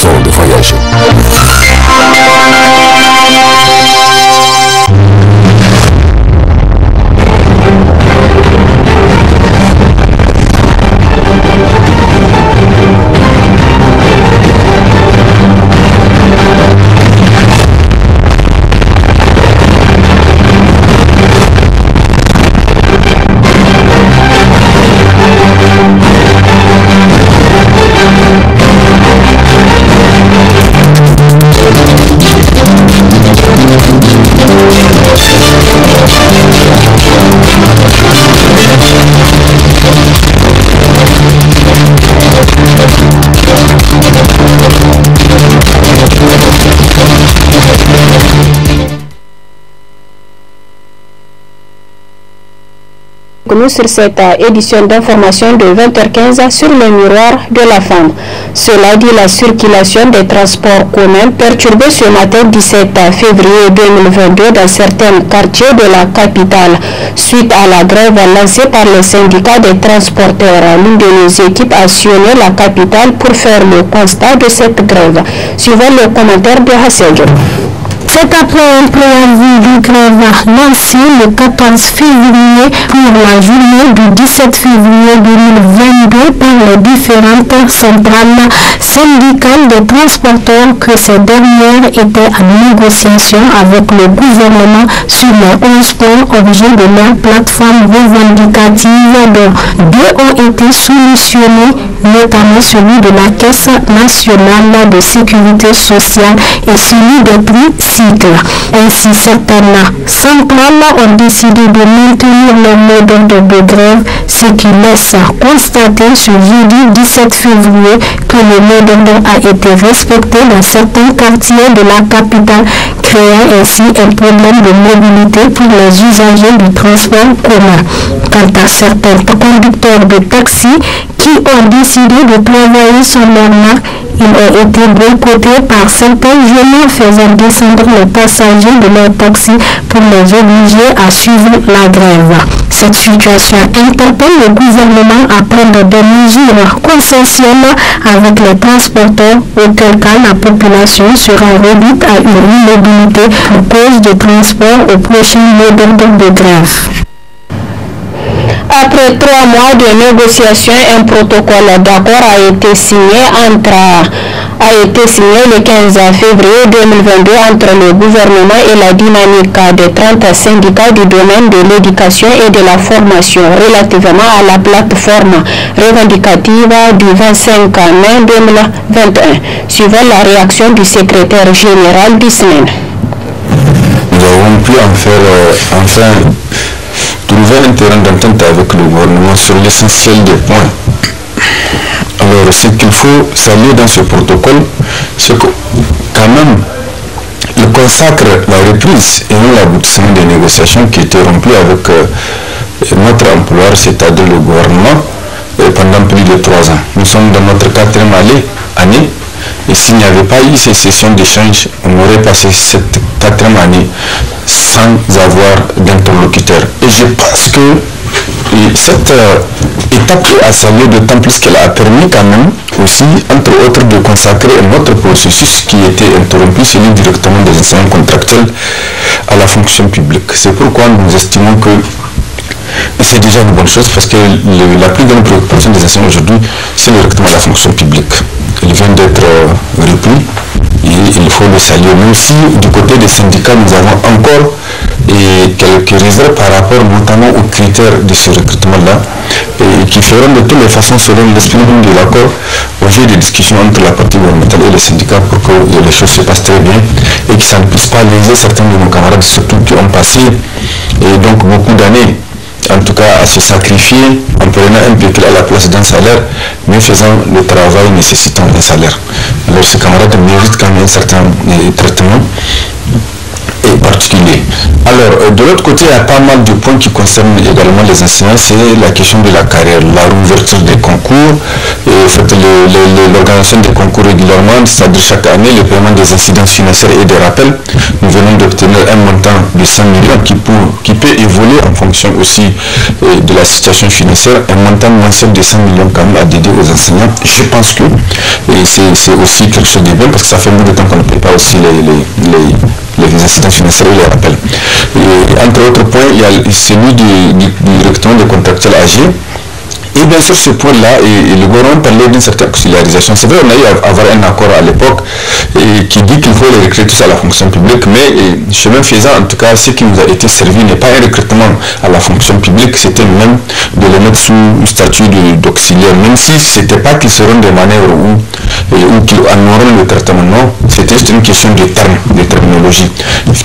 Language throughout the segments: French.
som de Voyager. sur cette euh, édition d'information de 20h15 sur le miroir de la femme. Cela dit, la circulation des transports communs perturbée ce matin 17 février 2022 dans certains quartiers de la capitale suite à la grève lancée par le syndicat des transporteurs. L'une de nos équipes a sillonné la capitale pour faire le constat de cette grève. Suivant le commentaire de Hassedjo. C'est après un préavis du euh, grève Nancy, le 14 février pour la journée du 17 février 2022 par les différentes centrales syndicales de transporteurs que ces dernières étaient en négociation avec le gouvernement sur les 11 points objets de leur plateforme revendicative dont deux ont été solutionnés, notamment celui de la Caisse nationale de sécurité sociale et celui des prix ainsi Ainsi, certaines centrales ont décidé de maintenir le mode de grève, ce qui laisse constater ce jeudi 17 février que le mode a été respecté dans certains quartiers de la capitale, créant ainsi un problème de mobilité pour les usagers du transport commun. Quant à certains conducteurs de taxi qui ont décidé de travailler sur leur il a été boycotté par certains jeunes faisant descendre les passagers de leur taxi pour les obliger à suivre la grève. Cette situation interpelle le gouvernement à prendre des mesures consensuelles avec les transporteurs, auquel cas la population sera réduite à une immobilité pour cause de transport au prochain modèle de grève. Après trois mois de négociations, un protocole d'accord a été signé entre a été signé le 15 février 2022 entre le gouvernement et la dynamique des 30 syndicats du domaine de l'éducation et de la formation relativement à la plateforme revendicative du 25 mai 2021, suivant la réaction du secrétaire général du euh, d'entente avec le gouvernement sur l'essentiel des points. Alors, ce qu'il faut saluer dans ce protocole, c'est que quand même, il consacre la reprise et non l'aboutissement des négociations qui étaient remplies avec euh, notre emploi, c'est-à-dire le gouvernement, euh, pendant plus de trois ans. Nous sommes dans notre quatrième année, et s'il n'y avait pas eu ces sessions d'échange, on aurait passé cette quatrième année sans avoir d'interlocuteur. Et je pense que cette euh, étape a salué temps plus qu'elle a permis quand même aussi, entre autres, de consacrer un autre processus qui était interrompu, celui directement des enseignants contractuels à la fonction publique. C'est pourquoi nous estimons que c'est déjà une bonne chose parce que la plus grande préoccupation des enseignants aujourd'hui, c'est directement la fonction publique. Elle vient d'être euh, reprise il faut le saluer, même aussi du côté des syndicats, nous avons encore quelques réserves par rapport notamment aux critères de ce recrutement-là, et qui feront de toutes les façons, selon l'esprit de l'accord, au jeu des discussions entre la partie gouvernementale et les syndicats pour que les choses se passent très bien et que ça ne puisse pas léser certains de nos camarades, surtout qui ont passé et donc beaucoup d'années en tout cas à se sacrifier en prenant un véhicule à la place d'un salaire, mais faisant le travail nécessitant un salaire. Alors ces camarades méritent quand même un certain euh, traitement et particulier. Alors, euh, de l'autre côté, il y a pas mal de points qui concernent également les enseignants, c'est la question de la carrière, la réouverture des concours, euh, fait, l'organisation des concours régulièrement, c'est-à-dire chaque année, le paiement des incidences financières et des rappels. Nous venons d'obtenir un montant de 100 millions qui, peut évoluer en fonction aussi euh, de la situation financière. Un montant mensuel de 100 millions quand même à dédier aux enseignants. Je pense que euh, c'est aussi quelque chose de bon parce que ça fait beaucoup de temps qu'on ne prépare pas aussi les, les, financières et incidents les rappels. entre autres points, il y a celui du, du, de contact à et eh bien sur ce point-là, et, vont le gouvernement parlait d'une certaine consularisation. C'est vrai, on a eu à avoir un accord à l'époque et qui dit qu'il faut les recruter à la fonction publique, mais chemin faisant, en tout cas, ce qui nous a été servi n'est pas un recrutement à la fonction publique, c'était même de les mettre sous le statut d'auxiliaire, même si ce n'était pas qu'ils seront des manœuvres ou, ou qu'ils auront le traitement, non, c'était juste une question de termes, de terminologie.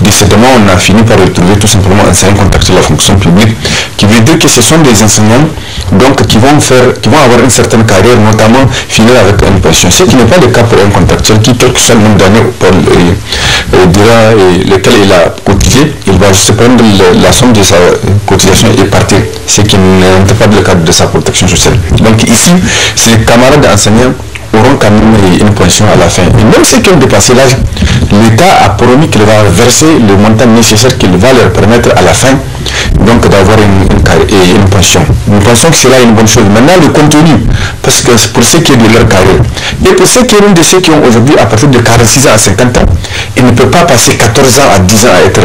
Décidément, on a fini par retrouver tout simplement un certain contact à la fonction publique, qui veut dire que ce sont des enseignants donc, qui, vont faire, qui vont avoir une certaine carrière, notamment finir avec une pension, ce qui n'est pas le cas pour un contractuel qui, quelque le euh, d'années et lequel il a cotisé, il va juste prendre la somme de sa cotisation et partir, ce qui n'est pas le cadre de sa protection sociale. Donc ici, ces camarades enseignants auront quand même une pension à la fin. Et même ceux qui ont dépassé l'âge, l'État a promis qu'il va verser le montant nécessaire qu'il va leur permettre à la fin donc d'avoir une, pension. Nous pensons que c'est là une bonne chose. Maintenant, le contenu, parce que pour ceux qui ont de leur carrière, et pour ceux qui sont de ceux qui ont aujourd'hui à partir de 46 ans à 50 ans, ils ne peuvent pas passer 14 ans à 10 ans à être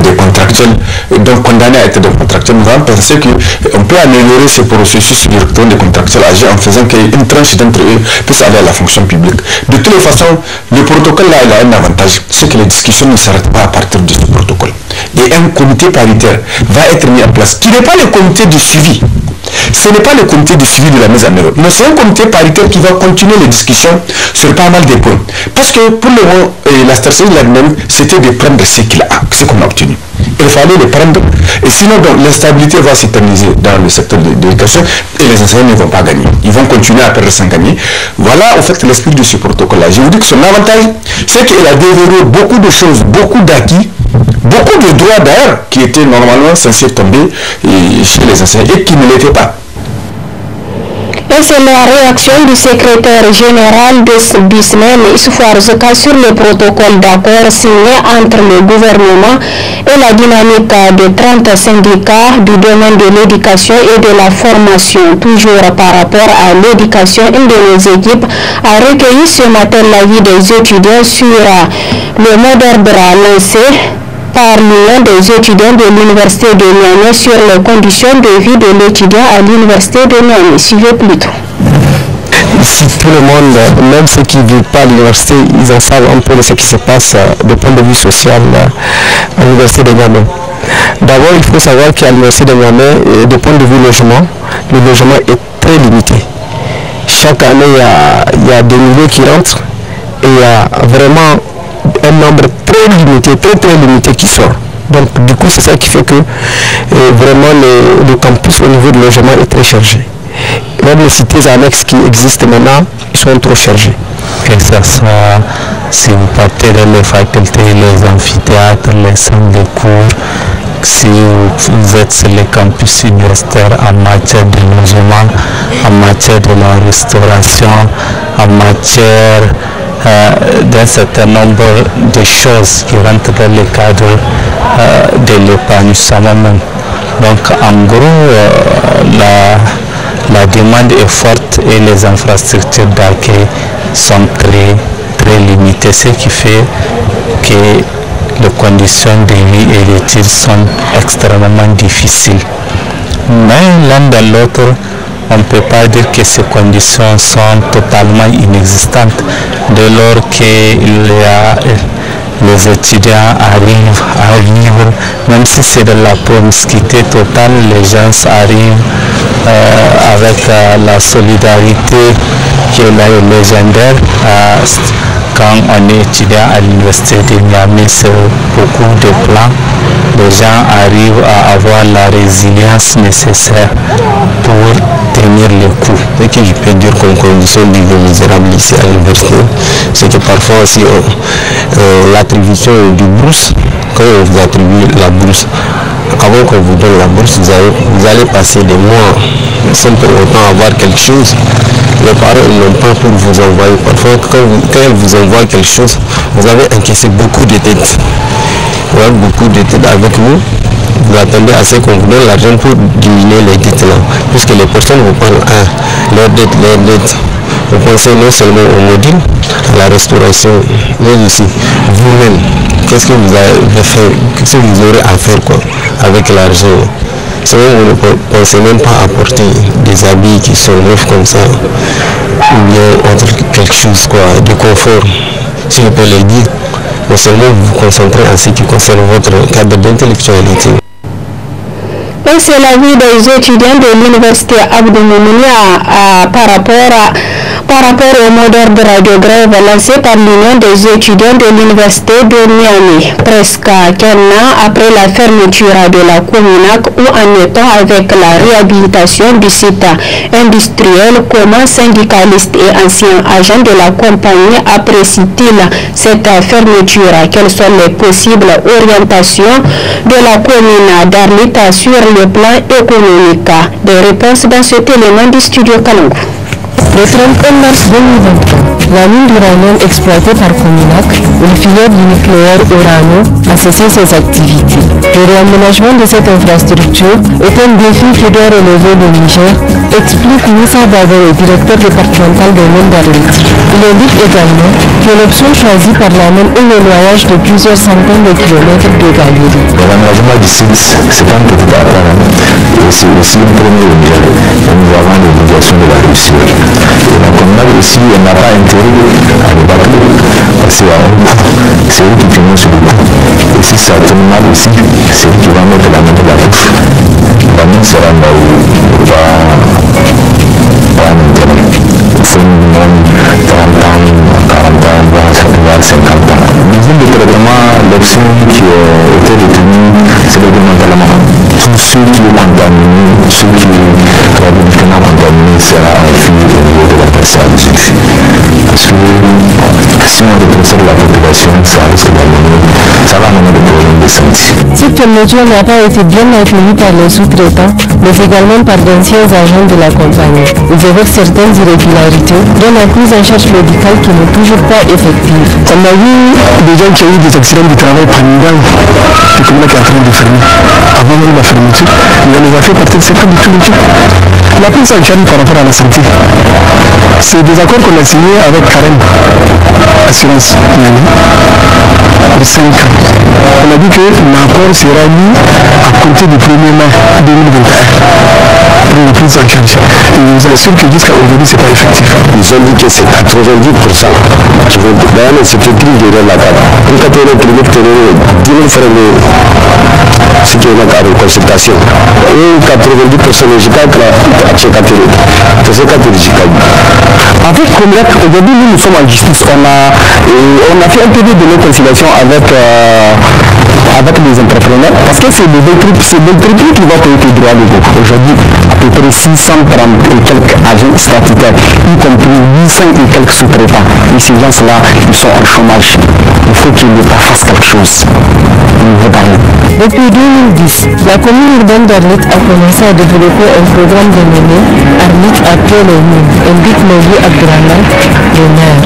des contractuels, euh, donc condamnés à être des contractuels, nous avons pensé qu'on euh, peut améliorer ce processus du retour des contractuels en faisant qu'une tranche d'entre eux puisse aller à la fonction publique. De toutes les façons, le protocole là, il a un avantage, c'est que les discussions ne s'arrêtent pas à partir de ce protocole. Et un comité paritaire va être mis en place, qui n'est pas le comité de suivi ce n'est pas le comité de suivi de la mise en œuvre, mais c'est un comité paritaire qui va continuer les discussions sur pas mal de points. Parce que pour le moment, euh, la stratégie la même, c'était de prendre ce qu'il a, qu'on a obtenu il fallait les prendre. Et sinon, donc, l'instabilité va s'éterniser dans le secteur de, l'éducation et les enseignants ne vont pas gagner. Ils vont continuer à perdre sans gagner. Voilà, en fait, l'esprit de ce protocole-là. Je vous dis que son avantage, c'est qu'il a déverrouillé beaucoup de choses, beaucoup d'acquis beaucoup de droits d'air qui étaient normalement censés tomber euh, chez les enseignants et qui ne l'étaient pas. Et c'est la réaction du secrétaire général de Bismen Isfoarzeka sur le protocole d'accord signé entre le gouvernement et la dynamique des 30 syndicats du domaine de l'éducation et de la formation. Toujours par rapport à l'éducation, une de nos équipes a recueilli ce matin l'avis des étudiants sur le mot d'ordre lancé Parmi l'un des étudiants de l'Université de Niamey sur les conditions de vie de l'étudiant à l'Université de Niamey. Suivez plutôt si tout le monde, même ceux qui ne vivent pas à l'université, ils en savent un peu de ce qui se passe de euh, du point de vue social euh, à l'université de Niamey. D'abord, il faut savoir qu'à l'université de Niamey, euh, du point de vue logement, le logement est très limité. Chaque année, il y a, des nouveaux qui entrent et il y a vraiment un nombre très limité, très très limité qui sort. Donc du coup, c'est ça qui fait que euh, vraiment le, campus au niveau du logement est très chargé. Même les cités annexes qui existent maintenant, ils sont trop chargés. Que ce soit si vous partez dans les facultés, les amphithéâtres, les salles de cours, si vous êtes sur les campus universitaires en matière de logement, en matière de la restauration, en matière d'un certain nombre de choses qui rentrent dans le cadre de l'épargne même. Donc en gros, la, demande est forte et les infrastructures d'accueil sont très, très limitées, ce qui fait que les conditions de vie et tirs sont extrêmement difficiles. Mais l'un dans l'autre, on ne peut pas dire que ces conditions sont totalement inexistantes dès lors que les étudiants arrivent à vivre, même si c'est de la promiscuité totale, les gens arrivent euh, avec euh, la solidarité qui est légendaire quand on est étudiant à l'université de Miami, c'est beaucoup de plans, les gens arrivent à avoir la résilience nécessaire pour tenir le coup. Ce que je peux dire comme condition du misérable ici à l'université, c'est que parfois aussi euh, euh, l'attribution du bourse, quand on vous attribue la bourse, avant qu'on vous donne la bourse, vous allez, vous allez passer des mois sans pour autant avoir quelque chose. Les parents n'ont pas pour vous envoyer. Parfois, quand, quand ils vous envoient quelque chose, vous avez encaissé beaucoup de dettes. Vous avez beaucoup de dettes avec vous. Vous attendez à ce qu'on vous donne l'argent pour diminuer les dettes là. Puisque les personnes vous parlent à hein, leurs dettes, leurs dettes. Vous pensez non seulement au module, à la restauration, mais aussi vous-même. Qu'est-ce que vous avez fait, qu'est-ce que vous aurez à faire avec l'argent c'est ne sait même pas apporter des habits qui sont neufs comme ça, ou bien entre quelque chose quoi, de confort, si vous peux le dire. Mais seulement vous vous concentrez en ce qui concerne votre cadre d'intellectualité. à c'est l'avis des étudiants de l'université Abdou par rapport à par rapport au mot de radio-grève lancé par l'Union des étudiants de l'Université de Miami. Presque un an après la fermeture de la Comunac ou en étant avec la réhabilitation du site industriel, comment syndicaliste et ancien agent de la compagnie apprécient-ils cette fermeture Quelles sont les possibles orientations de la commune d'Arlita sur le plan économique Des réponses dans cet élément du studio Kalangou. Protrem para nós, vamos, vamos. La mine d'uranium exploitée par Cominac, une filière du nucléaire Urano, a cessé ses activités. Le réaménagement de cette infrastructure est un défi qui doit relever le Niger, explique Moussa le directeur départemental de Mondarit. Il indique également que l'option choisie par la mine est le voyage de plusieurs centaines de kilomètres de galerie. L'aménagement du site, c'est un petit appareil, hein. et c'est aussi le premier objet. Nous avons l'obligation de la réussir. Et la Cominac aussi n'a pas intérêt Abu Bakar Persiwa Seri di Jumur Sudah Isi saat ini Mari isi Seri di Ramai Dalam Mereka Lapus Kami seorang Dari Berupa Peran Jalan Sehingga Dengan Tangan-tangan Tangan-tangan Bahasa Dengar Sehingga Tangan l'objectif de traitement, l'action qui a été détenue, c'est le démantèlement. Tous ceux qui ont contaminé, ceux qui ont contaminé, sera enfui au niveau de la personne Parce que si on de la population, ça risque d'amener, ça va amener des problèmes de santé. Cette fermeture n'a pas été bien maintenue par les sous-traitants, mais également par d'anciens agents de la compagnie. Ils évoquent certaines irrégularités, dont la prise en charge médicale qui n'est toujours pas effective. On a eu des gens qui ont eu des accidents de travail pendant le commun qui est en train de fermer. Avant même la fermeture, mais on les a fait partir, de pas du tout le la prise en charge par rapport à la santé, c'est des accords qu'on a signés avec Karen Assurance pour 5 ans. On a dit que l'accord sera mis à compter du 1er mai 2021 pour la prise en charge. Et nous vous assure que jusqu'à aujourd'hui, ce n'est pas effectif. Ils ont dit que c'est 90% Je veux dire, c'est écrit derrière la table. Quand tu es le clinique, de es le ce qui est donc consultation. Et 90% des cas sont En fait, aujourd'hui, nous, nous sommes en justice. On a, fait un peu de nos avec, avec les entrepreneurs. Parce que c'est le triple qui va le droit l'égo. Aujourd'hui, à peu près 630 et quelques agents statutaires, y compris 800 et quelques sous-traitants. Et ces gens-là, ils sont en chômage. Il faut qu'ils ne fasse quelque chose Depuis 2010, la commune urbaine d'Arlit a commencé à développer un programme de dénommé Arlit après le mines, indique à Abdraman, le maire.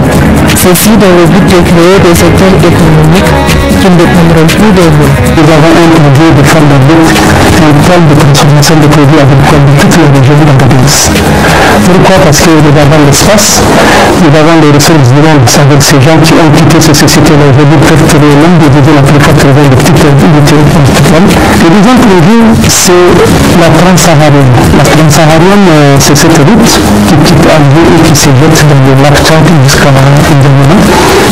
Ceci dans le but de créer des secteurs économiques qui ne dépendront plus de Nous avons un lieu de faire de l'eau et une table de transformation de produits agricoles de toutes les régions de la province. Pourquoi Parce que nous avons l'espace, nous avons les ressources de monde, avec ces gens qui ont quitté ces sociétés-là aujourd'hui peuvent trouver l'homme de vivre les 80 de petites de agricoles. Le deuxième produit, c'est la Trans-Saharienne. La Trans-Saharienne, euh, c'est cette route qui quitte Alger et qui se jette dans le lac Tchad jusqu'à N'Djamena.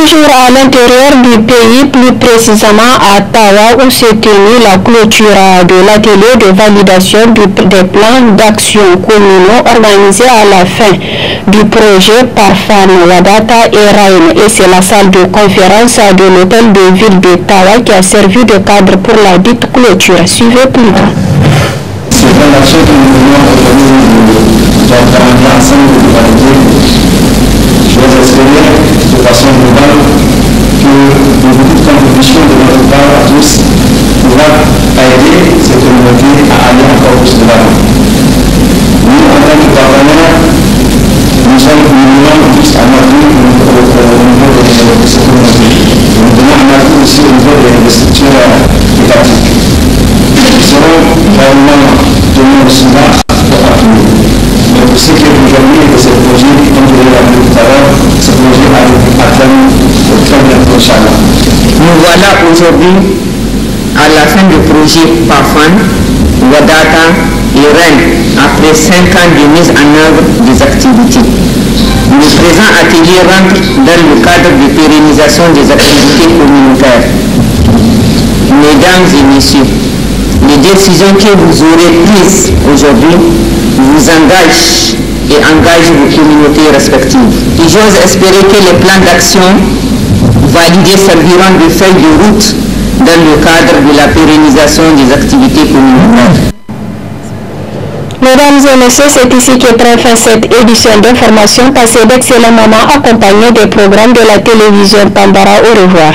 toujours à l'intérieur du pays, plus précisément à Tawa, où s'est tenue la clôture de l'atelier de validation des plans d'action communaux organisés à la fin du projet par la data et Rain. Et c'est la salle de conférence de l'hôtel de ville de Tawa qui a servi de cadre pour la dite clôture. Suivez plus tard. C'est je vous espérer de façon globale que une petite contribution de notre part à tous pourra aider cette communauté à aller encore plus de l'avant. Nous, en tant que partenaires, nous sommes minimum tous à maintenir au niveau de cette communauté. Nous tenons un avis aussi au niveau des structures étatiques. Nous serons vraiment tenus au Soudan projet, Nous voilà aujourd'hui à la fin du projet Pafan, Wadata et Rennes, après 5 ans de mise en œuvre des activités. Le présent atelier rentre dans le cadre de pérennisation des activités communautaires. Mesdames et messieurs, les décisions que vous aurez prises aujourd'hui vous engagent et engagent vos communautés respectives. Et j'ose espérer que les plans d'action validés serviront de feuille de route dans le cadre de la pérennisation des activités communautaires. Mesdames et messieurs, c'est ici que très fin cette édition d'information. passée d'excellents moments accompagnés des programmes de la télévision Pandara. Au revoir.